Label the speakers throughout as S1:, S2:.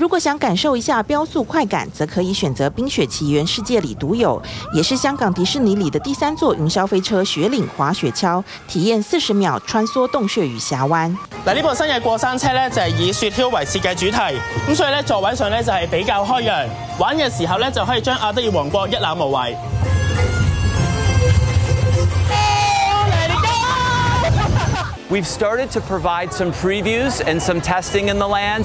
S1: 如果想感受一下飆速快感，則可以選擇冰雪奇緣世界裏獨有，也是香港迪士尼裏的第三座雲霄飛車雪嶺滑雪橇，體驗四十秒穿梭洞穴與峽灣。
S2: 嗱，呢部新嘅過山車呢，就係以雪橇為設計主題，咁所以呢，座位上呢，就係比較開揚，玩嘅時候呢，就可以將阿德爾王國一覽
S3: 無遺。
S4: We've
S3: started to provide some previews and some testing in the land.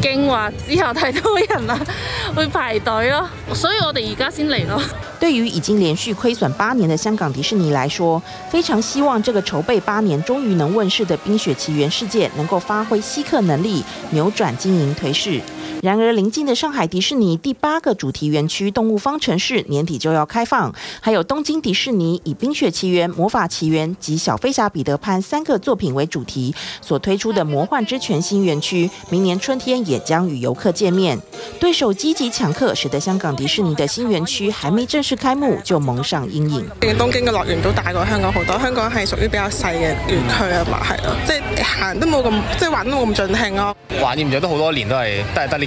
S5: 驚話，驚之後太多人啦，會排隊咯，所以我哋而家先嚟
S6: 咯。
S1: 對於已經連續虧損八年的香港迪士尼來說，非常希望這個籌備八年、終於能問世的《冰雪奇緣》世界，能夠發揮吸客能力，扭轉經營頹勢。然而，臨近的上海迪士尼第八個主題園區“動物方程式”年底就要開放，還有東京迪士尼以《冰雪奇緣》《魔法奇緣》及《小飛俠彼得潘》三個作品為主題所推出的“魔幻之泉”新園區，明年春天也將與遊客見面。對手積極搶客，使得香港迪士尼的新園區還沒正式開幕就蒙上陰影。
S5: 東京嘅樂園都大過香港好多，香港係屬於比較細嘅
S1: 園區啊嘛，係咯，即係行都冇咁，即係玩都冇咁盡興咯、
S3: 哦。玩唔咗都好多年都係都係得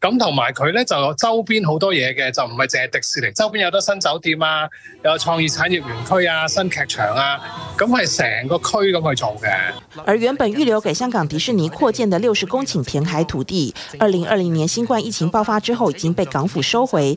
S3: 咁同埋佢咧就有周邊好多嘢嘅，就唔係淨係迪士尼周邊有得新酒店啊，有創意產業園區啊，新劇場啊，咁係成個區咁去做嘅。
S1: 而原本預留給香港迪士尼擴建嘅六十公頃填海土地，二零二零年新冠疫情爆發之後，已經被港府收回。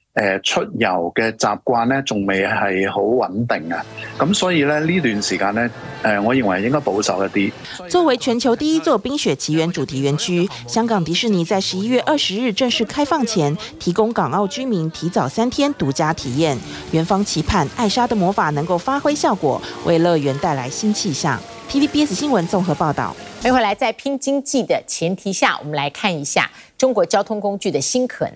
S6: 呃、出遊嘅習慣呢仲未係好穩定啊，咁、嗯、所以呢，呢段時間呢，誒、呃，我認為應該保守一啲。
S1: 作為全球第一座冰雪奇緣主題園區，香港迪士尼在十一月二十日正式開放前，提供港澳居民提早三天獨家體驗。園方期盼，艾莎的魔法能夠發揮效果，為樂園帶來新氣象。TVBS 新聞綜合報道。歡迎
S7: 回來，在拼經濟的前提下，我們來看一下中國交通工具的新可能。